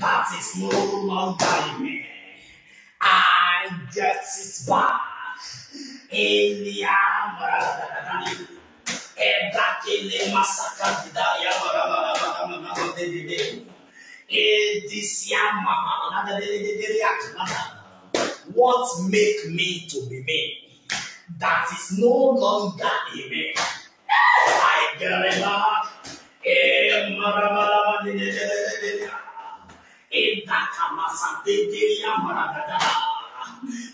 That is no longer me. I get it back in the armor. Ebakele masaka didaya What make me to be me? That is no longer a me. I get it back kakamasatedelia maradada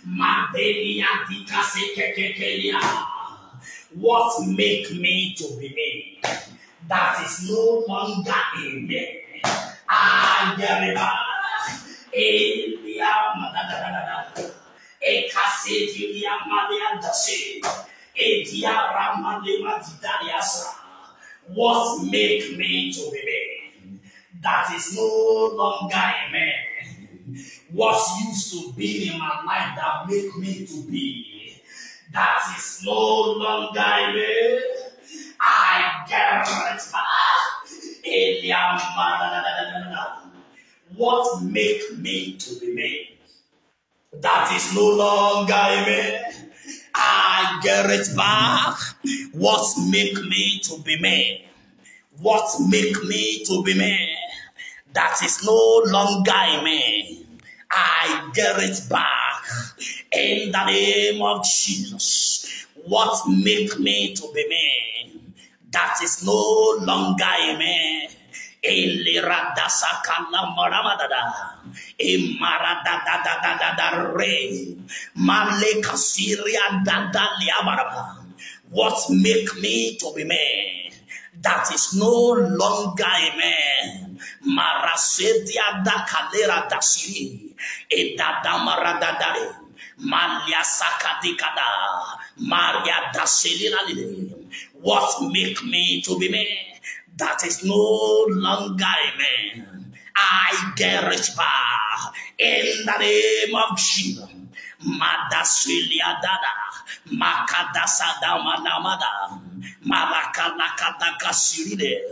madelia dikasekekekelia what make me to be me that is no longer in me agareba elia maradadadada ekasedelia maleadase ediaramalema didariasa what make me to be me. that is no longer a man. What used to be in my life that make me to be, that is no longer a man. I guarantee what make me to be me, that is no longer me. I get it back. What make me to be me? What make me to be me? that is no longer in me. I get it back in the name of Jesus. What make me to be me? That is no longer in me. What make me to be me? That is no longer a man. Marasedia da kalera da Siri, Edadamaradadare, Malia Sakadikada, Maria da Selina What make me to be man that is no longer a man? I get rich in the name of Jesus. Madasulia dada, makadasa dama namada. Malakalakadaka siride.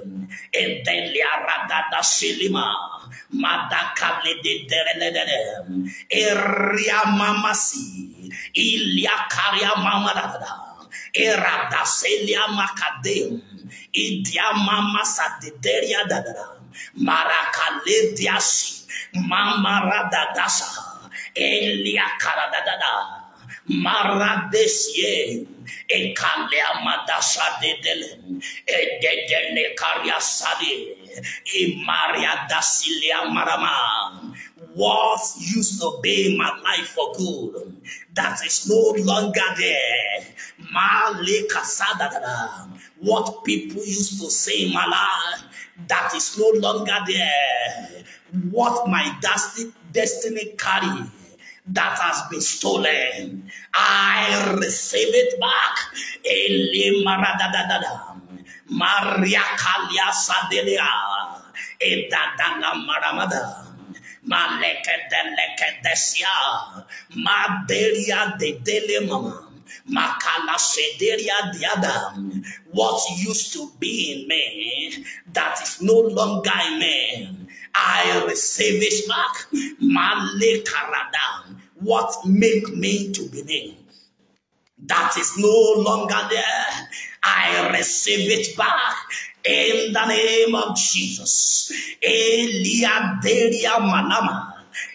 Edele aradada silima. Madakale de derenedene. Eria mamasi. Ilia karia mamadada. Erada selia makadem. Idia Marakale diasi. Mama radadasa. Elia ekalea madasa dedele ededene karyasade imaria dasilea marama what used to be my life for good that is no longer there. What people used to say in my life that is no longer there. What my destiny carry. that has been stolen. I receive it back. Maria Kalia Sadelia. Edadana Maramada. Maleke deleke desia. Maderia de dele Makala sederia diadam. What used to be in me that is no longer in me. I receive it back. Male karadam what make me to be me. That is no longer there. I receive it back in the name of Jesus. Elia Delia Manama.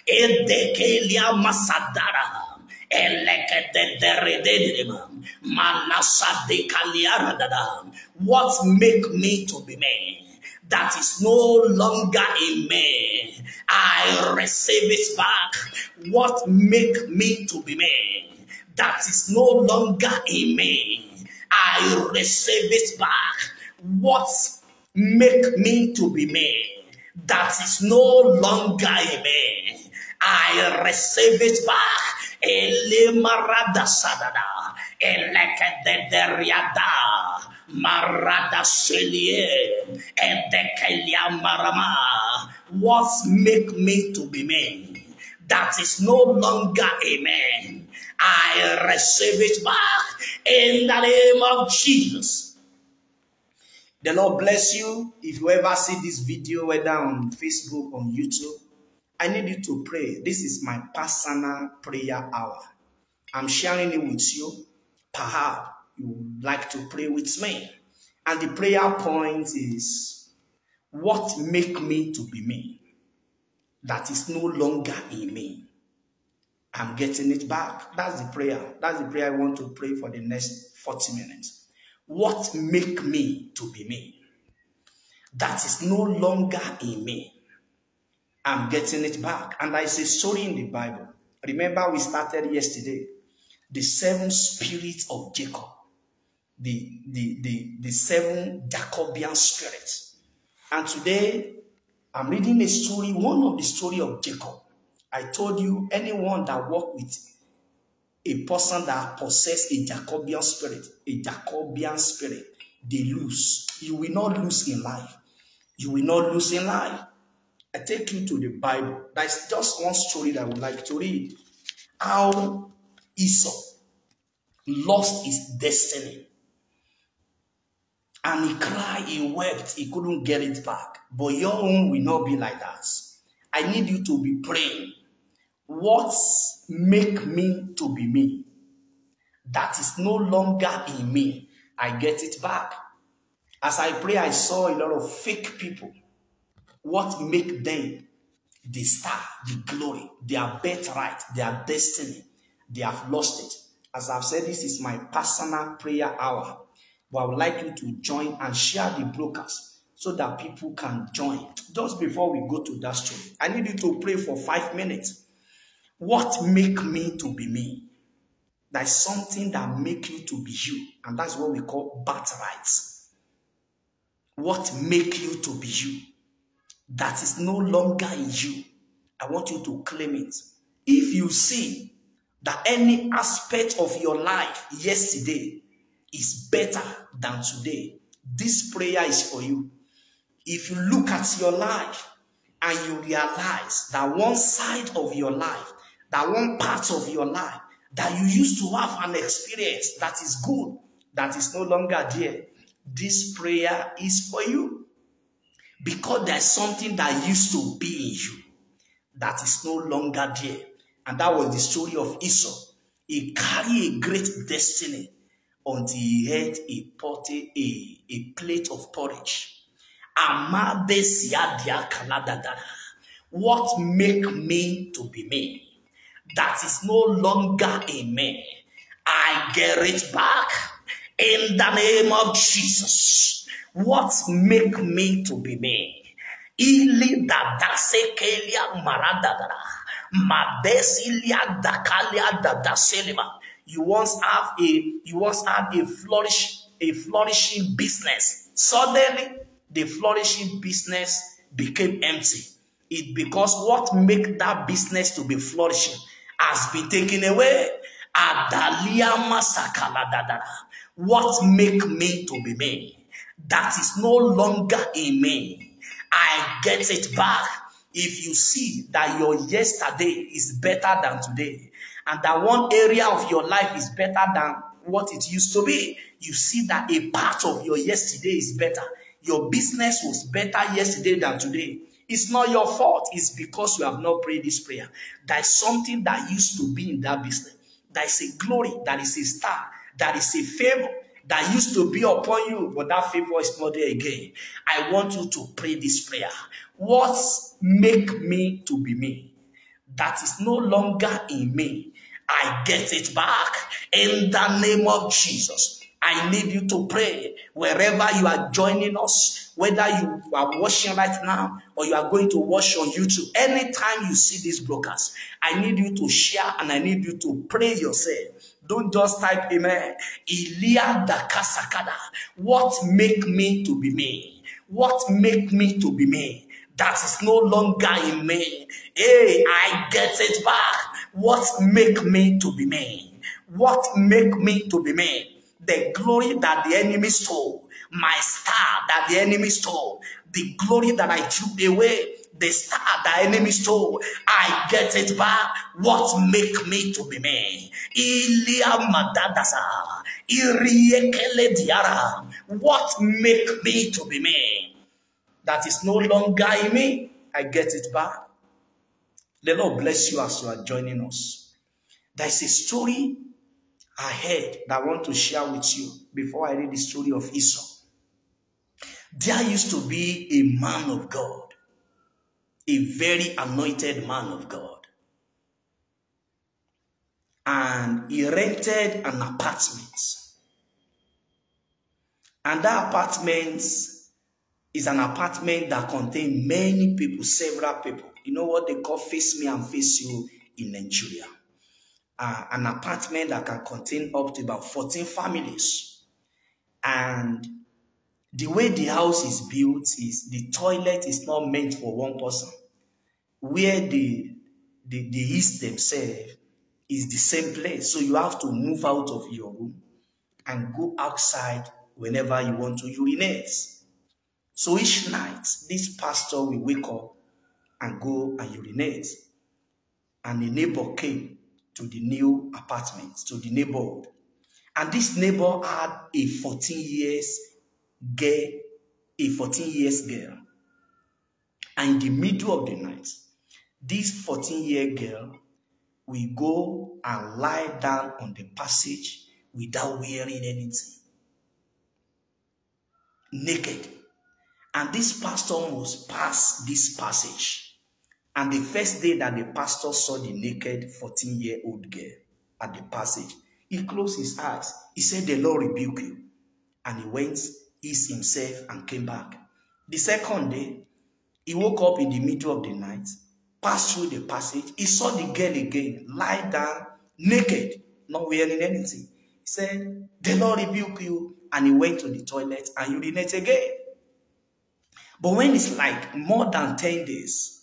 Edekelia Masadara. What make me to be me? that is no longer in me. I receive it back. What make me to be me? That is no longer in me. I receive it back. What make me to be me? That is no longer in me. I receive it back. Elimarada sadada. Marada Selie Edekelia Marama. What make me to be man That is no longer a man. I receive it back in the name of Jesus. The Lord bless you. If you ever see this video, whether on Facebook, on YouTube, I need you to pray. This is my personal prayer hour. I'm sharing it with you. Perhaps you like to pray with me. And the prayer point is, what make me to be me that is no longer in me? I'm getting it back. That's the prayer. That's the prayer I want to pray for the next 40 minutes. What make me to be me that is no longer in me? I'm getting it back. And I say, "Sorry," in the Bible. Remember we started yesterday. The seven spirits of Jacob the, the, the, the seven Jacobian spirits. And today, I'm reading a story, one of the story of Jacob. I told you, anyone that work with a person that possess a Jacobian spirit, a Jacobian spirit, they lose. You will not lose in life. You will not lose in life. I take you to the Bible. That's just one story that I would like to read. How Esau lost his destiny And he cried, he wept, he couldn't get it back. But your own will not be like that. I need you to be praying. What make me to be me? That is no longer in me. I get it back. As I pray, I saw a lot of fake people. What make them the star, the glory, their birthright, their destiny? They have lost it. As I've said, this is my personal prayer hour. But I would like you to join and share the broadcast so that people can join. Just before we go to that story, I need you to pray for five minutes. What make me to be me? There's something that make you to be you, and that's what we call birthright. What make you to be you? That is no longer in you. I want you to claim it. If you see that any aspect of your life yesterday is better than today. This prayer is for you. If you look at your life and you realize that one side of your life, that one part of your life, that you used to have an experience that is good, that is no longer there, this prayer is for you. Because there's something that used to be in you that is no longer there. And that was the story of Esau. He carried a great destiny until he had a pot, a, a plate of porridge. What make me to be me? That is no longer a me. I get it back in the name of Jesus. What make me to be me? Ili dadase kelia maradadara. Madesilia dakalia dadaselima. you once have a you once had a flourish a flourishing business suddenly the flourishing business became empty it because what make that business to be flourishing has been taken away adaliama sakaladadada what make me to be me that is no longer in me i get it back if you see that your yesterday is better than today and that one area of your life is better than what it used to be, you see that a part of your yesterday is better. Your business was better yesterday than today. It's not your fault. It's because you have not prayed this prayer. There's something that used to be in that business. There is a glory. that is a star. that is a favor that used to be upon you, but that favor is not there again. I want you to pray this prayer. What make me to be me? That is no longer in me I get it back in the name of Jesus. I need you to pray wherever you are joining us, whether you are watching right now or you are going to watch on YouTube. Anytime you see these brokers, I need you to share and I need you to pray yourself. Don't just type amen. Ilia dakasakada. What make me to be me? What make me to be me? That is no longer in me. Hey, I get it back What make me to be me? What make me to be me? The glory that the enemy stole, my star that the enemy stole, the glory that I took away, the star that enemy stole, I get it back. What make me to be me? Ilia madadasa, iriekele diara. What make me to be me? That is no longer in me, I get it back. The Lord bless you as you are joining us. There is a story ahead that I want to share with you before I read the story of Esau. There used to be a man of God, a very anointed man of God. And he rented an apartment. And that apartment is an apartment that contained many people, several people. You know what they call face me and face you in Nigeria? Uh, an apartment that can contain up to about 14 families. And the way the house is built is the toilet is not meant for one person. Where the, the, the east themselves is the same place. So you have to move out of your room and go outside whenever you want to urinate. So each night, this pastor will wake up and go and urinate. And a neighbor came to the new apartment, to the neighborhood. And this neighbor had a 14 years girl, a 14 years girl. And in the middle of the night, this 14 year girl will go and lie down on the passage without wearing anything. Naked. And this pastor must pass this passage And the first day that the pastor saw the naked 14 year old girl at the passage, he closed his eyes. He said, The Lord rebuke you. And he went, eased himself, and came back. The second day, he woke up in the middle of the night, passed through the passage. He saw the girl again, lie down, naked, not wearing anything. He said, The Lord rebuke you. And he went to the toilet and urinated again. But when it's like more than 10 days,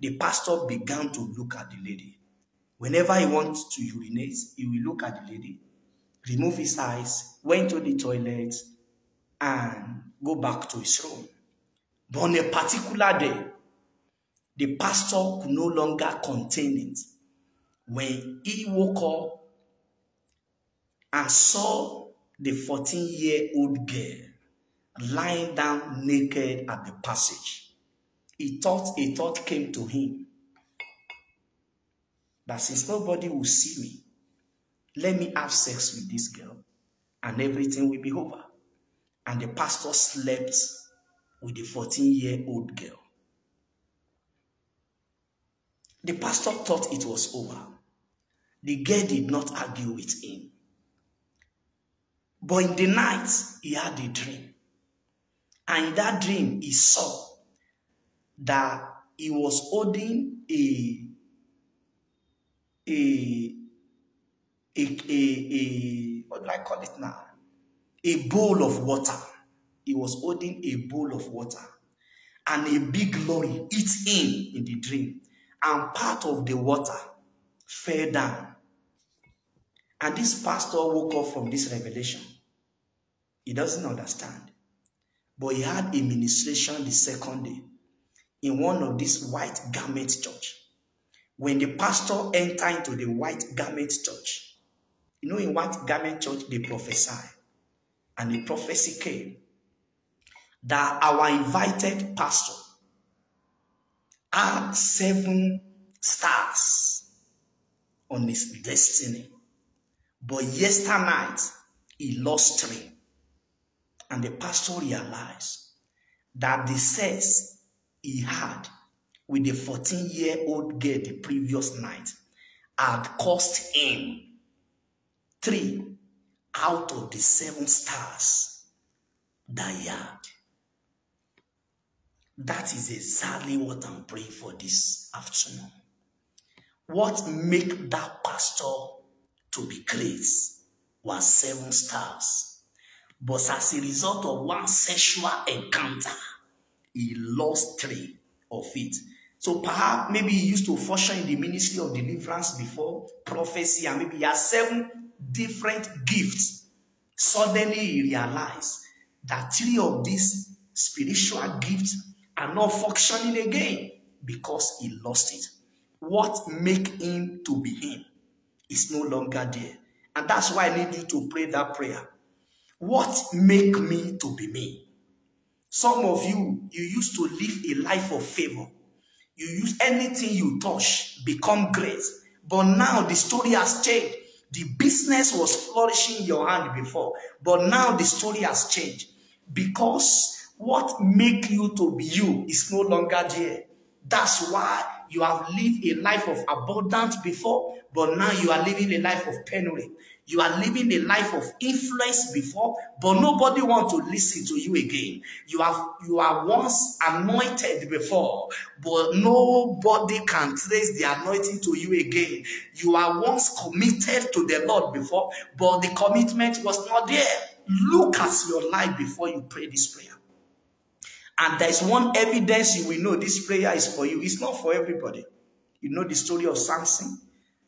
The pastor began to look at the lady. Whenever he wants to urinate, he will look at the lady, remove his eyes, went to the toilet, and go back to his room. But on a particular day, the pastor could no longer contain it. When he woke up and saw the 14-year-old girl lying down naked at the passage. He thought a thought came to him that since nobody will see me, let me have sex with this girl and everything will be over. And the pastor slept with a 14 year old girl. The pastor thought it was over. The girl did not argue with him. But in the night, he had a dream. And in that dream, he saw that he was holding a a a, a, a what do I call it now? A bowl of water. He was holding a bowl of water. And a big lorry hit him in the dream. And part of the water fell down. And this pastor woke up from this revelation. He doesn't understand. But he had a ministration the second day. in one of these white garment church. When the pastor enter into the white garment church, you know in white garment church they prophesy, and the prophecy came that our invited pastor had seven stars on his destiny. But yesterday night, he lost three. And the pastor realized that the says he had with a 14-year-old girl the previous night had cost him three out of the seven stars that he had. That is exactly what I'm praying for this afternoon. What make that pastor to be great was seven stars. But as a result of one sexual encounter, he lost three of it. So perhaps maybe he used to function in the ministry of deliverance before, prophecy, and maybe he has seven different gifts. Suddenly he realized that three of these spiritual gifts are not functioning again because he lost it. What make him to be him is no longer there. And that's why I need you to pray that prayer. What make me to be me? Some of you, you used to live a life of favor. You use anything you touch, become great. But now the story has changed. The business was flourishing in your hand before, but now the story has changed because what make you to be you is no longer there. That's why you have lived a life of abundance before, but now you are living a life of penury. You are living a life of influence before, but nobody wants to listen to you again. You are you are once anointed before, but nobody can trace the anointing to you again. You are once committed to the Lord before, but the commitment was not there. Look at your life before you pray this prayer. And there's one evidence you will know this prayer is for you. It's not for everybody. You know the story of Samson.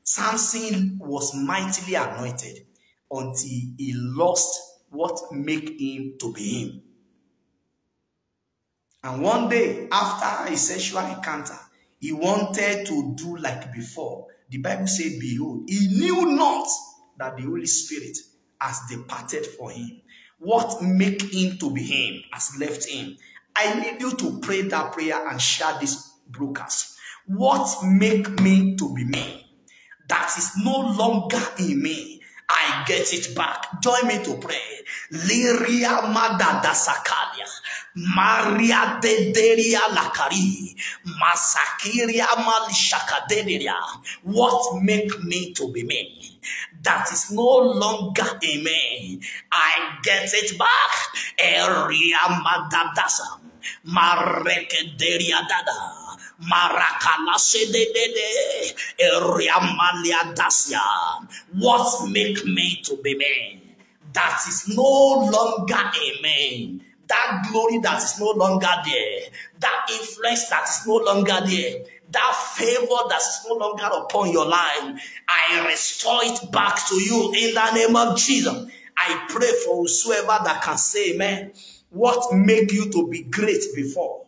Samson was mightily anointed until he lost what make him to be him. And one day, after a sexual encounter, he wanted to do like before. The Bible said, Behold, he knew not that the Holy Spirit has departed for him. What make him to be him has left him. I need you to pray that prayer and share this broadcast. What make me to be me? that is no longer in me. I get it back. Join me to pray. Liria madada sakalia. Maria de deria lakari. Masakiria malishakaderia. What make me to be me? That is no longer in me. I get it back. Eria madadasa. Mareke deria dada. What make me to be man? That is no longer a man. That glory that is no longer there. That influence that is no longer there. That favor that is no longer upon your life. I restore it back to you in the name of Jesus. I pray for whosoever that can say amen. What make you to be great before?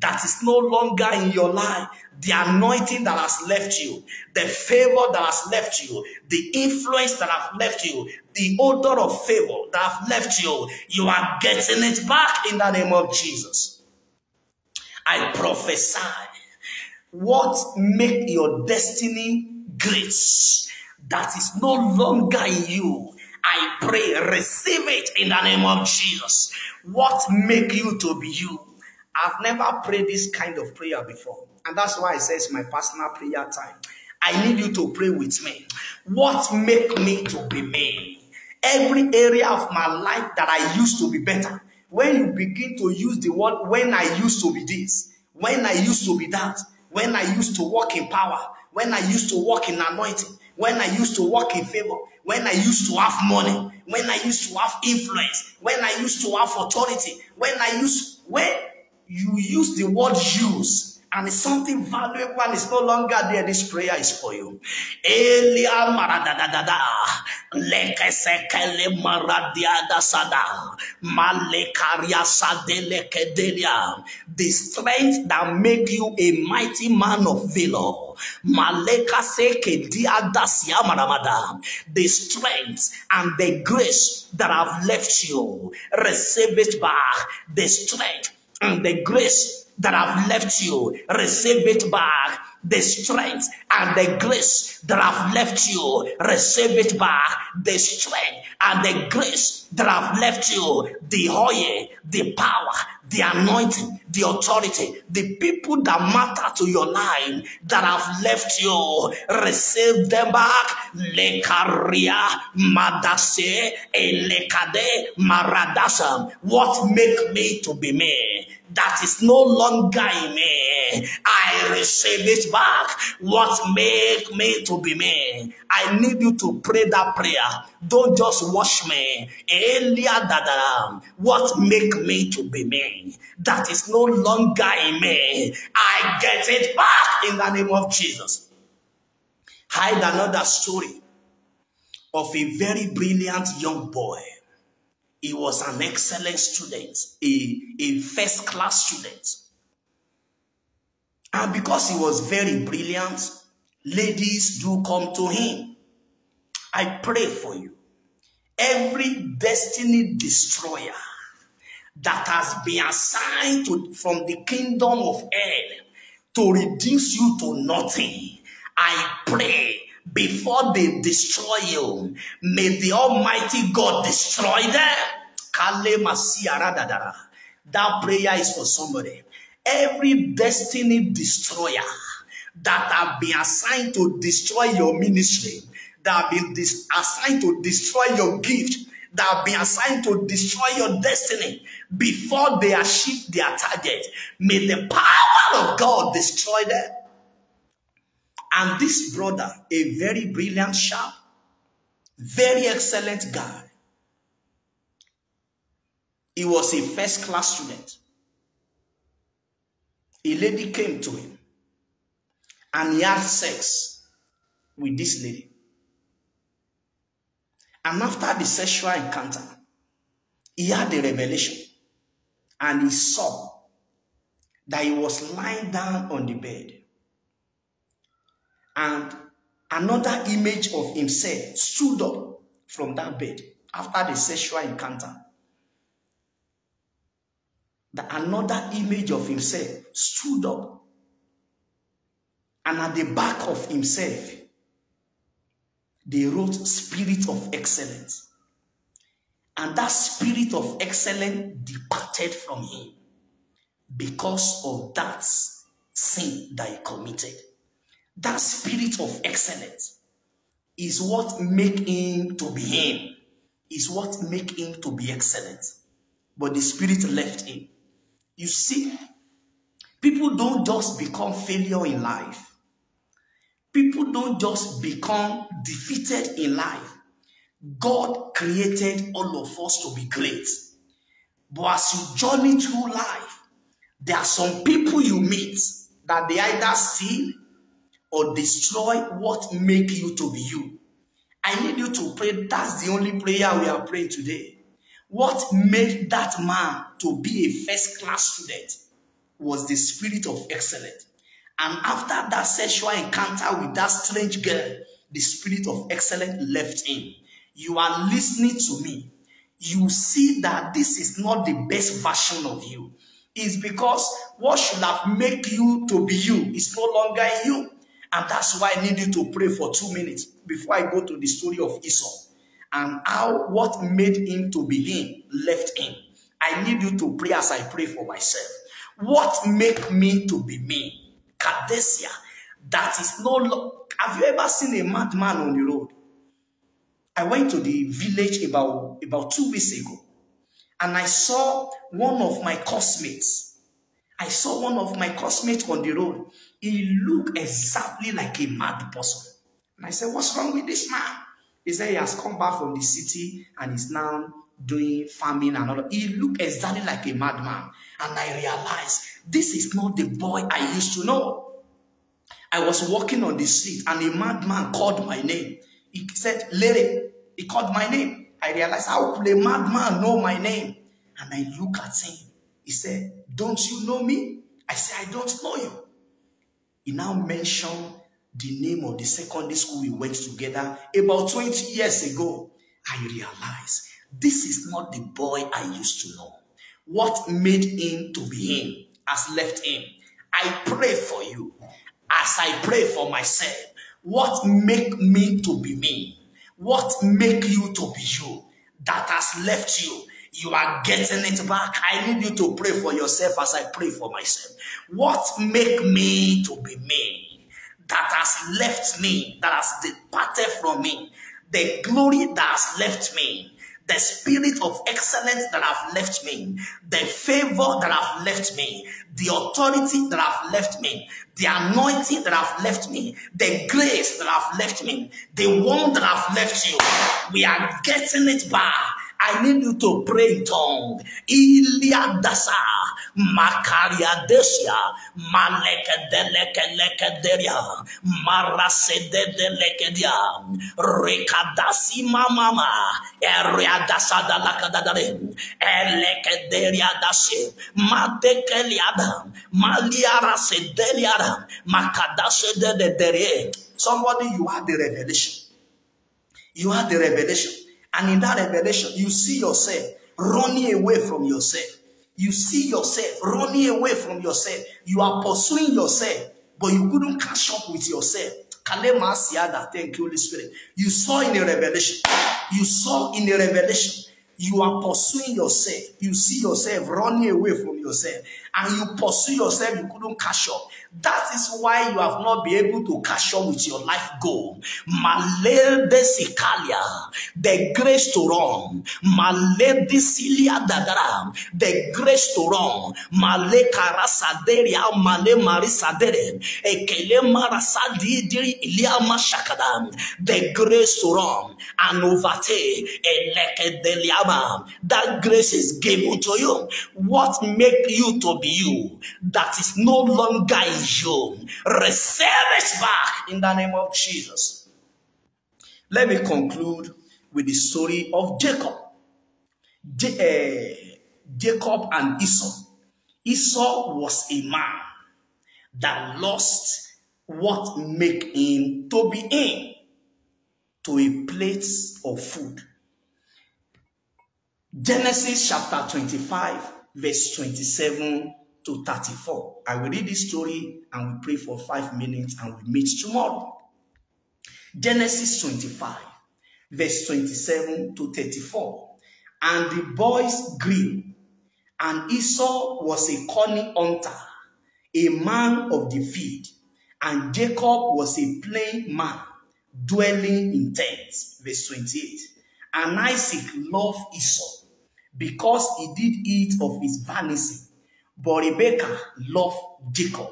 that is no longer in your life, the anointing that has left you, the favor that has left you, the influence that has left you, the odor of favor that have left you, you are getting it back in the name of Jesus. I prophesy what make your destiny great that is no longer in you I pray, receive it in the name of Jesus. What make you to be you? I've never prayed this kind of prayer before. And that's why I say it's my personal prayer time. I need you to pray with me. What make me to be me? Every area of my life that I used to be better. When you begin to use the word, when I used to be this, when I used to be that, when I used to walk in power, when I used to walk in anointing, when I used to walk in favor, when I used to have money, when I used to have influence, when I used to have authority, when I used, when you use the word use and something valuable is no longer there, this prayer is for you. Elia maradadadada, leke sekele maradiada sada, malekaria sadele kedelia, the strength that make you a mighty man of valor. Maleka seke diada siamaramada, the strength and the grace that have left you, receive it back, the strength the grace that have left you, receive it back. The strength and the grace that have left you, receive it back. The strength and the grace that have left you, the oil, the power, the anointing, the authority, the people that matter to your life that have left you, receive them back. Le Lekaria madase e le elekade maradasam. What make me to be me? that is no longer in me. I receive it back. What make me to be me? I need you to pray that prayer. Don't just wash me. Elia dadaram. What make me to be me? That is no longer in me. I get it back in the name of Jesus. Hide another story of a very brilliant young boy he was an excellent student, a, a first class student. And because he was very brilliant, ladies do come to him. I pray for you. Every destiny destroyer that has been assigned to, from the kingdom of hell to reduce you to nothing, I pray before they destroy you. May the Almighty God destroy them. That prayer is for somebody. Every destiny destroyer that have been assigned to destroy your ministry, that have been assigned to destroy your gift, that have been assigned to destroy your destiny before they achieve their target. May the power of God destroy them. And this brother, a very brilliant, sharp, very excellent guy, he was a first class student. A lady came to him and he had sex with this lady. And after the sexual encounter, he had a revelation and he saw that he was lying down on the bed and another image of himself stood up from that bed after the sexual encounter. The another image of himself stood up and at the back of himself they wrote spirit of excellence and that spirit of excellence departed from him because of that sin that he committed That spirit of excellence is what make him to be him, is what make him to be excellent. But the spirit left him. You see, people don't just become failure in life. People don't just become defeated in life. God created all of us to be great. But as you journey through life, there are some people you meet that they either steal or destroy what make you to be you. I need you to pray. That's the only prayer we are praying today. What made that man to be a first-class student was the spirit of excellence. And after that sexual encounter with that strange girl, the spirit of excellence left him. You are listening to me. You see that this is not the best version of you. It's because what should have made you to be you is no longer you. And that's why I needed to pray for two minutes before I go to the story of Esau and how what made him to be him left him. I need you to pray as I pray for myself. What made me to be me? Cadesia. That is no. Have you ever seen a madman on the road? I went to the village about, about two weeks ago and I saw one of my classmates. I saw one of my classmates on the road He looked exactly like a mad person. And I said, what's wrong with this man? He said he has come back from the city and is now doing farming and all He looked exactly like a madman. And I realized this is not the boy I used to know. I was walking on the street and a madman called my name. He said, Larry, he called my name. I realized how could a madman know my name? And I look at him. He said, don't you know me? I said, I don't know you. He now mentioned the name of the secondary school we went together about 20 years ago. I realized this is not the boy I used to know. What made him to be him has left him. I pray for you as I pray for myself. What make me to be me? What make you to be you that has left you? you are getting it back. I need you to pray for yourself as I pray for myself. What make me to be me that has left me, that has departed from me, the glory that has left me, the spirit of excellence that have left me, the favor that have left me, the authority that have left me, the anointing that have left me, the grace that have left me, the one that have left you. We are getting it back. I need you to pray in tongue. Iliadasa, Makariadesia, Malekadelekedelekedia, Marasedelekedia, Rekadasima mama, Eriadasa dalakadadare, Elekederiadasi, Matekeliada, Maliarasedeliada, Makadase de Somebody, you are the revelation. You are the revelation. And in that revelation, you see yourself running away from yourself. You see yourself running away from yourself. You are pursuing yourself, but you couldn't catch up with yourself. Kalema Siada, thank you, Holy Spirit. You saw in a revelation. You saw in a revelation. You are pursuing yourself. You see yourself running away from yourself. And you pursue yourself, you couldn't catch up. That is why you have not been able to catch up with your life goal. Malede sikalia, the grace to run. Malede silia dagara, the grace to run. Male karasaderia, male marisadere, ekele marasadi diri ilia mashakadam, the grace to run and eleke deliama. That grace is given to you. What make you to be you? That is no longer of you. Receive it back in the name of Jesus. Let me conclude with the story of Jacob. J uh, eh, Jacob and Esau. Esau was a man that lost what make him to be in to a plate of food. Genesis chapter 25, verse 27 to 34. I will read this story and we pray for five minutes and we meet tomorrow. Genesis 25, verse 27 to 34. And the boys grew, and Esau was a cunning hunter, a man of the field, and Jacob was a plain man, dwelling in tents. Verse 28. And Isaac loved Esau because he did eat of his vanity But Rebekah loved Jacob.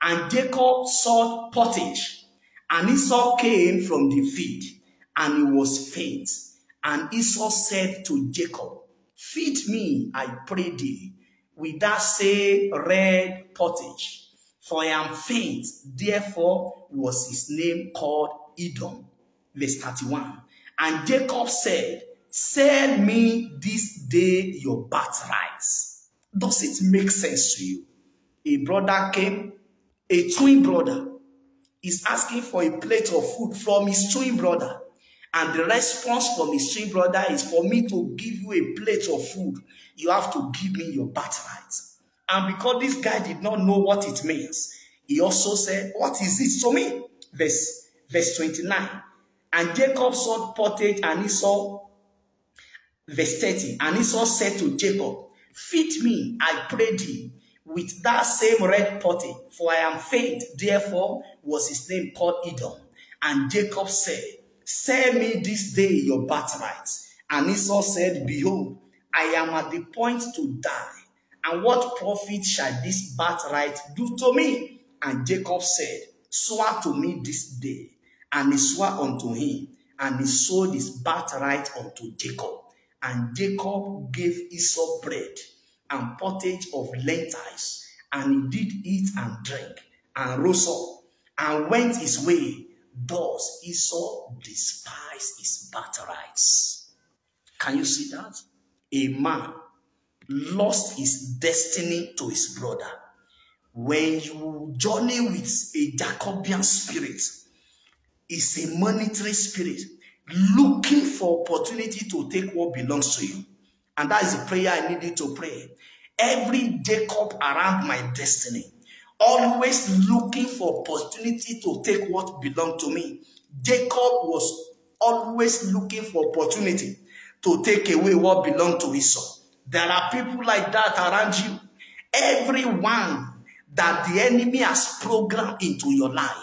And Jacob sought pottage, and Esau came from the field, and he was faint. And Esau said to Jacob, Feed me, I pray thee, with that same red pottage, for I am faint. Therefore was his name called Edom. Verse 31. And Jacob said, Sell me this day your birthrights Does it make sense to you? A brother came, a twin brother, is asking for a plate of food from his twin brother. And the response from his twin brother is for me to give you a plate of food, you have to give me your birthright. And because this guy did not know what it means, he also said, What is this to me? Verse, verse 29. And Jacob sought pottage and Esau, verse 30. And Esau said to Jacob, Feed me, I pray thee, with that same red potty, for I am faint. Therefore was his name called Edom. And Jacob said, Sell me this day your birthright. And Esau said, Behold, I am at the point to die. And what profit shall this birthright do to me? And Jacob said, Swear to me this day. And he swore unto him, and he sold his birthright unto Jacob. And Jacob gave Esau bread and pottage of lentils, and he did eat and drink, and rose up, and went his way. Thus Esau despised his birthrights. Can you see that? A man lost his destiny to his brother. When you journey with a Jacobian spirit, it's a monetary spirit looking for opportunity to take what belongs to you. And that is the prayer I needed to pray. Every Jacob around my destiny, always looking for opportunity to take what belonged to me. Jacob was always looking for opportunity to take away what belonged to Esau. There are people like that around you. Everyone that the enemy has programmed into your life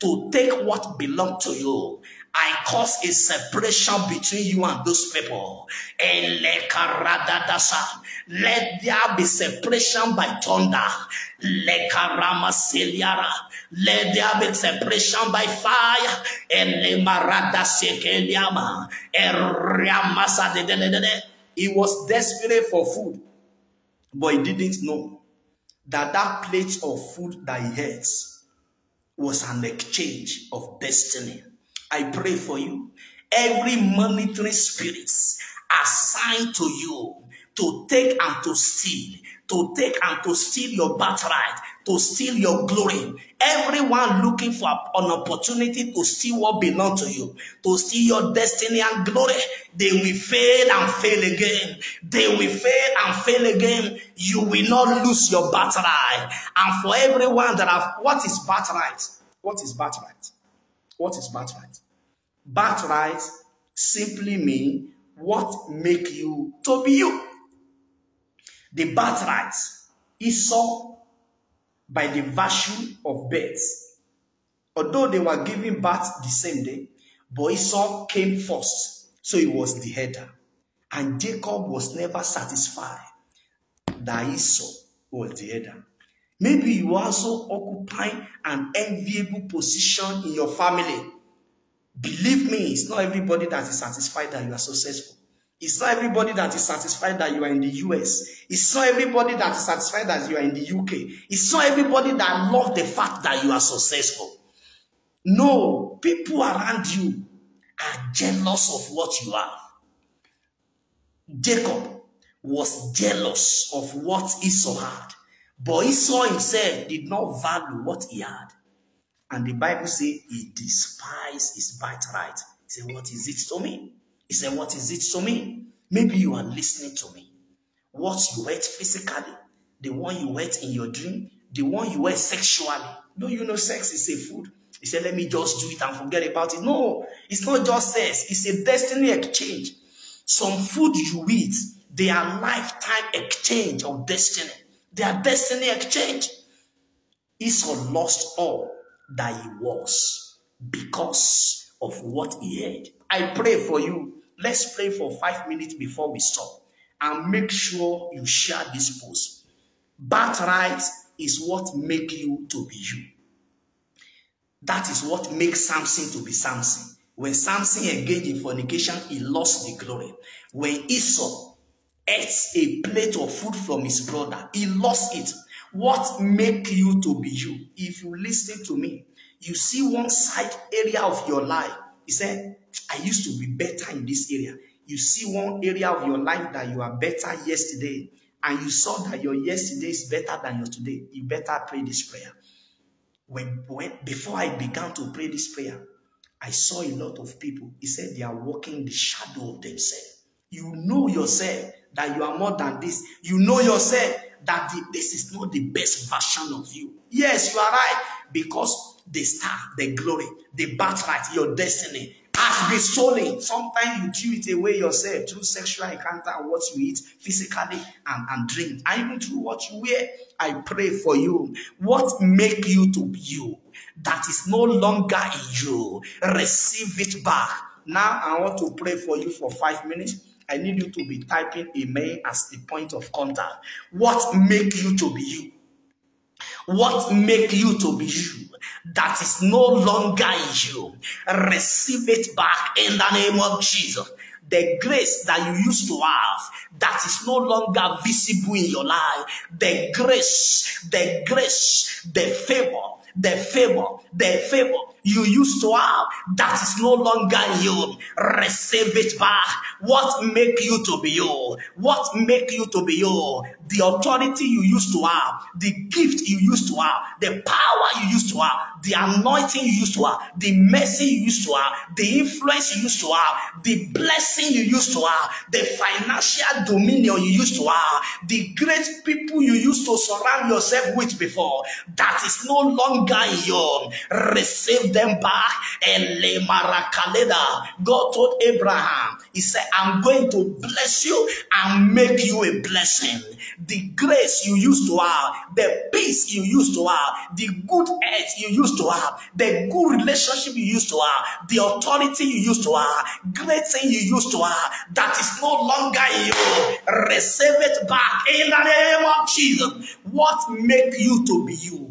to take what belonged to you. I cause a separation between you and those people. Let there be separation by thunder. Let there be separation by fire. He was desperate for food, but he didn't know that that plate of food that he had was an exchange of destiny. I pray for you. Every monitoring spirit assigned to you to take and to steal, to take and to steal your birthright, to steal your glory. Everyone looking for an opportunity to steal what belongs to you, to steal your destiny and glory, they will fail and fail again. They will fail and fail again. You will not lose your birthright. And for everyone that have, what is birthright? What is birthright? What is birthright? Birthright simply means what make you to be you. The birthright is saw by the virtue of birth. Although they were giving birth the same day, but Esau came first, so he was the header. And Jacob was never satisfied that Esau was the header. Maybe you also occupy an enviable position in your family. Believe me, it's not everybody that is satisfied that you are successful. It's not everybody that is satisfied that you are in the US. It's not everybody that is satisfied that you are in the UK. It's not everybody that loves the fact that you are successful. No, people around you are jealous of what you have. Jacob was jealous of what Esau had. But Esau himself did not value what he had. And the Bible says he despised his birthright. He said, what is it to me? He said, what is it to me? Maybe you are listening to me. What you ate physically, the one you ate in your dream, the one you ate sexually. No, you know sex is a food? He said, let me just do it and forget about it. No, it's not just sex. It's a destiny exchange. Some food you eat, they are lifetime exchange of destiny. Their destiny exchange. Esau lost all that he was because of what he had. I pray for you. Let's pray for five minutes before we stop. And make sure you share this post. Birthright is what make you to be you. That is what makes Samson to be Samson. When Samson engaged in fornication, he lost the glory. When Esau ate a plate of food from his brother. He lost it. What make you to be you? If you listen to me, you see one side area of your life. He said, I used to be better in this area. You see one area of your life that you are better yesterday, and you saw that your yesterday is better than your today. You better pray this prayer. When, when before I began to pray this prayer, I saw a lot of people. He said they are walking the shadow of themselves. You know yourself that you are more than this. You know yourself that the, this is not the best version of you. Yes, you are right. Because the star, the glory, the birthright, your destiny has been stolen. Sometimes you chew it away yourself through sexual encounter what you eat physically and, and drink, and even through what you wear. I pray for you. What make you to be you that is no longer in you, receive it back. Now I want to pray for you for five minutes. I need you to be typing amen as the point of contact. What make you to be you? What make you to be you? That is no longer you. Receive it back in the name of Jesus the grace that you used to have that is no longer visible in your life the grace the grace the favor the favor the favor you used to have that is no longer you. Receive it back. What make you to be you? What make you to be you? The authority you used to have, the gift you used to have, the power you used to have, the anointing you used to have, the mercy you used to have, the influence you used to have, the blessing you used to have, the financial dominion you used to have, the great people you used to surround yourself with before, that is no longer you. Receive them back. and God told Abraham, He said, I'm going to bless you and make you a blessing. The grace you used to have, the peace you used to have, the good health you used to have, the good relationship you used to have, the authority you used to have, great thing you used to have, that is no longer you. Receive it back in the name of Jesus. What make you to be you?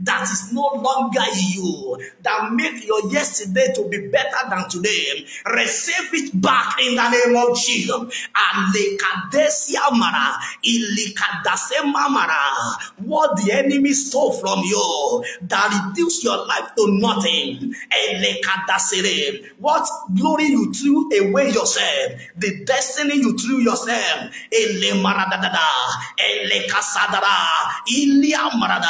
that is no longer you, that make your yesterday to be better than today, receive it back in the name of Jesus. Alekadesia mara, ilikadasema mara, what the enemy stole from you, that reduce your life to nothing. Elekadasere, what glory you threw away yourself, the destiny you threw yourself, ele maradadada, ele kasadara, ili amarada,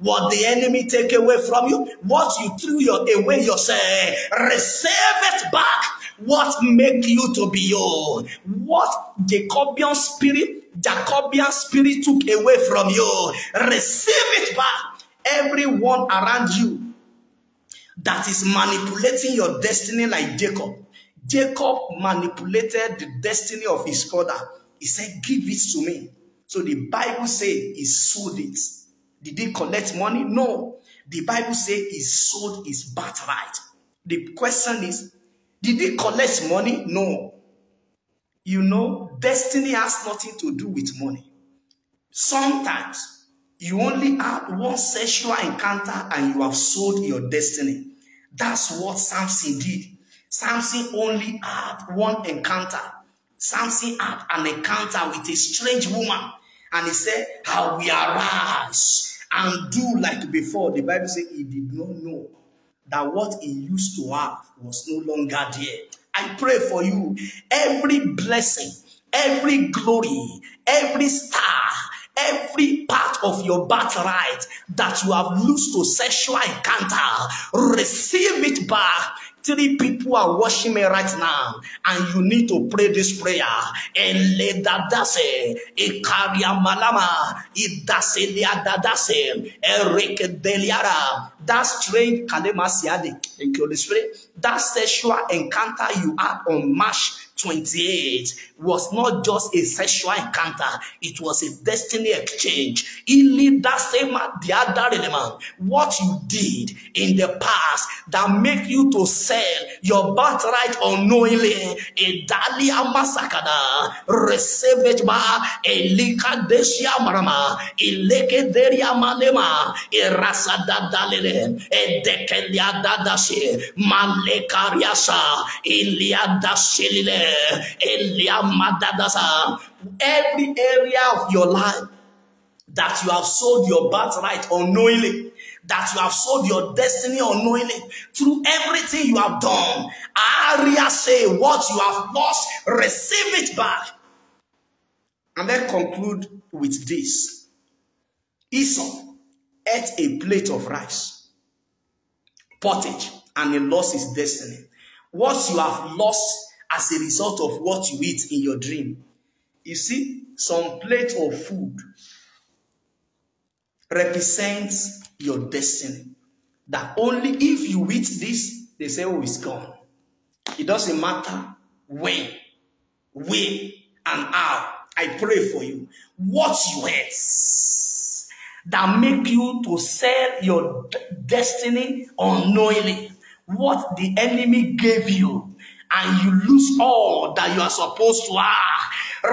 what what the enemy take away from you, what you threw your, away yourself, receive it back. What make you to be your, what Jacobian spirit, Jacobian spirit took away from you, receive it back. Everyone around you that is manipulating your destiny like Jacob. Jacob manipulated the destiny of his father. He said, give it to me. So the Bible said he sold it. Did he collect money? No. The Bible says he sold his birthright. The question is, did he collect money? No. You know, destiny has nothing to do with money. Sometimes, you only have one sexual encounter and you have sold your destiny. That's what Samson did. Samson only had one encounter. Samson had an encounter with a strange woman. And he said, I will arise and do like before. The Bible says he did not know that what he used to have was no longer there. I pray for you every blessing, every glory, every star, every part of your birthright that you have lost to sexual encounter, receive it back Three people are watching me right now, and you need to pray this prayer. And Eledadase, ekariamalama, idaseliadadase, erekedeliara. That strange kalemasiade, thank you, Holy Spirit. That sexual encounter you had on March 28 was not just a sexual encounter, it was a destiny exchange. Ili dasema the other element, what you did in the past that make you to sell your birthright unknowingly, a e dalia masakada, receive it by a e lika desia marama, a e leke deria malema, a rasada dalele, a dekelia dadashi, malekariasa, ilia dasilile, ilia Kamadadasa. Every area of your life that you have sold your birthright unknowingly, that you have sold your destiny unknowingly, through everything you have done, Aria say what you have lost, receive it back. And then conclude with this. Esau ate a plate of rice, pottage, and he lost his destiny. What you have lost as a result of what you eat in your dream. You see, some plate of food represents your destiny. That only if you eat this, they say, oh, it's gone. It doesn't matter when, where, and how. I pray for you. What you eat that make you to sell your destiny unknowingly. What the enemy gave you and you lose all that you are supposed to have. Ah,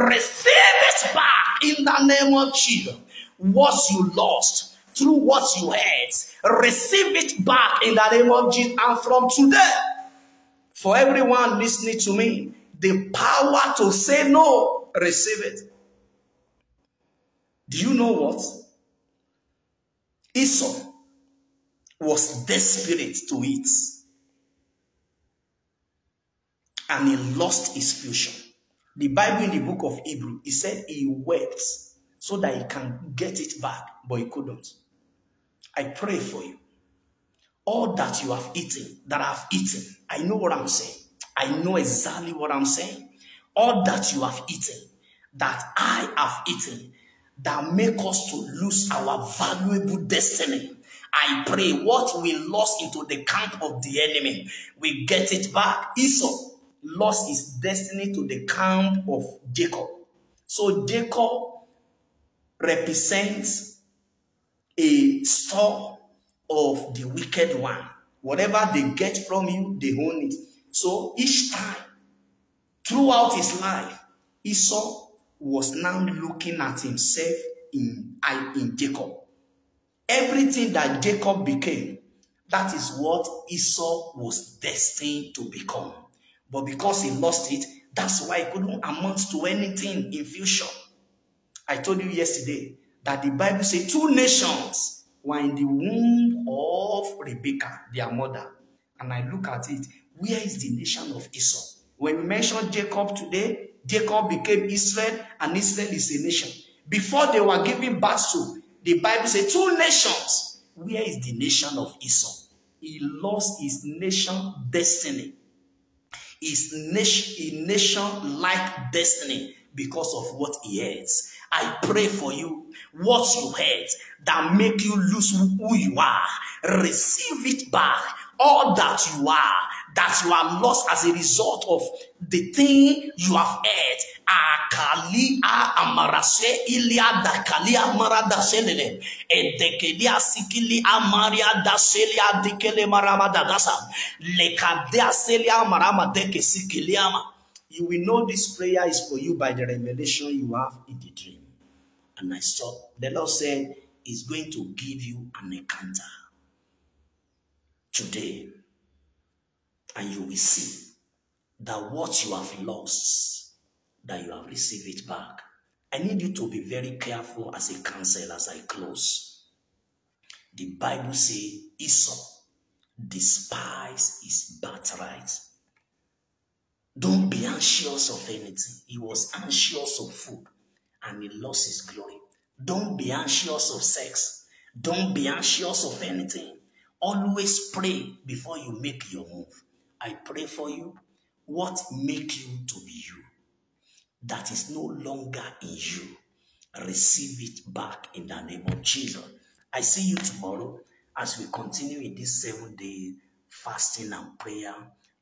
receive it back in the name of Jesus. What you lost through what you had, receive it back in the name of Jesus. And from today, for everyone listening to me, the power to say no, receive it. Do you know what? Esau was desperate to eat and he lost his future. The Bible in the book of Hebrew, he said he wept so that he can get it back, but he couldn't. I pray for you. All that you have eaten, that I have eaten, I know what I'm saying. I know exactly what I'm saying. All that you have eaten, that I have eaten, that make us to lose our valuable destiny. I pray what we lost into the camp of the enemy, we get it back. Esau lost his destiny to the camp of Jacob. So Jacob represents a store of the wicked one. Whatever they get from you, they own it. So each time, throughout his life, Esau was now looking at himself in, in Jacob. Everything that Jacob became, that is what Esau was destined to become. But because he lost it, that's why he couldn't amount to anything in future. I told you yesterday that the Bible says two nations were in the womb of Rebekah, their mother. And I look at it, where is the nation of Esau? When we mentioned Jacob today, Jacob became Israel, and Israel is a nation. Before they were giving birth to, the Bible says two nations. Where is the nation of Esau? He lost his nation destiny. Is a nation like destiny because of what he hears. I pray for you, what you heard that make you lose who you are, receive it back, all that you are, that you are lost as a result of the thing you have heard. Akali a amarase ilia da kali amara da selele edekelia sikili amaria da selia dikele marama da gasa lekadia selia marama deke sikili ama. You will know this prayer is for you by the revelation you have in the dream. And I saw the Lord said, is going to give you an encounter today. And you will see that what you have lost, that you have received it back. I need you to be very careful as a counsel as I close. The Bible says Esau despised his birthright. Don't be anxious of anything. He was anxious of food and he lost his glory. Don't be anxious of sex. Don't be anxious of anything. Always pray before you make your move. I pray for you. what make you to be you that is no longer in you. Receive it back in the name of Jesus. I see you tomorrow as we continue in this seven day fasting and prayer,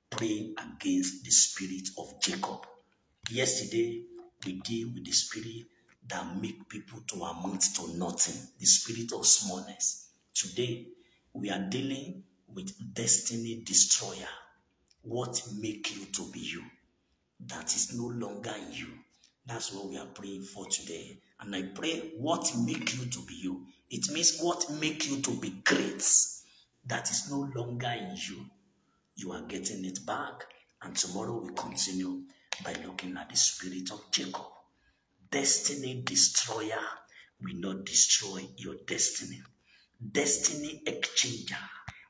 praying against the spirit of Jacob. Yesterday, we deal with the spirit that make people to amount to nothing, the spirit of smallness. Today, we are dealing with destiny destroyer, what make you to be you that is no longer in you. That's what we are praying for today. And I pray what make you to be you. It means what make you to be great that is no longer in you. You are getting it back. And tomorrow we continue by looking at the spirit of Jacob. Destiny destroyer will not destroy your destiny. Destiny exchanger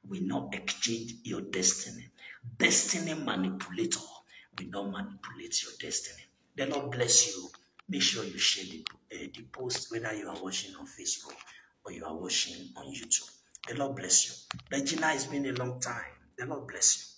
will not exchange your destiny destiny manipulator will not manipulate your destiny. The Lord bless you. Make sure you share the, uh, the post, whether you are watching on Facebook or you are watching on YouTube. The Lord bless you. Regina, it's been a long time. The Lord bless you.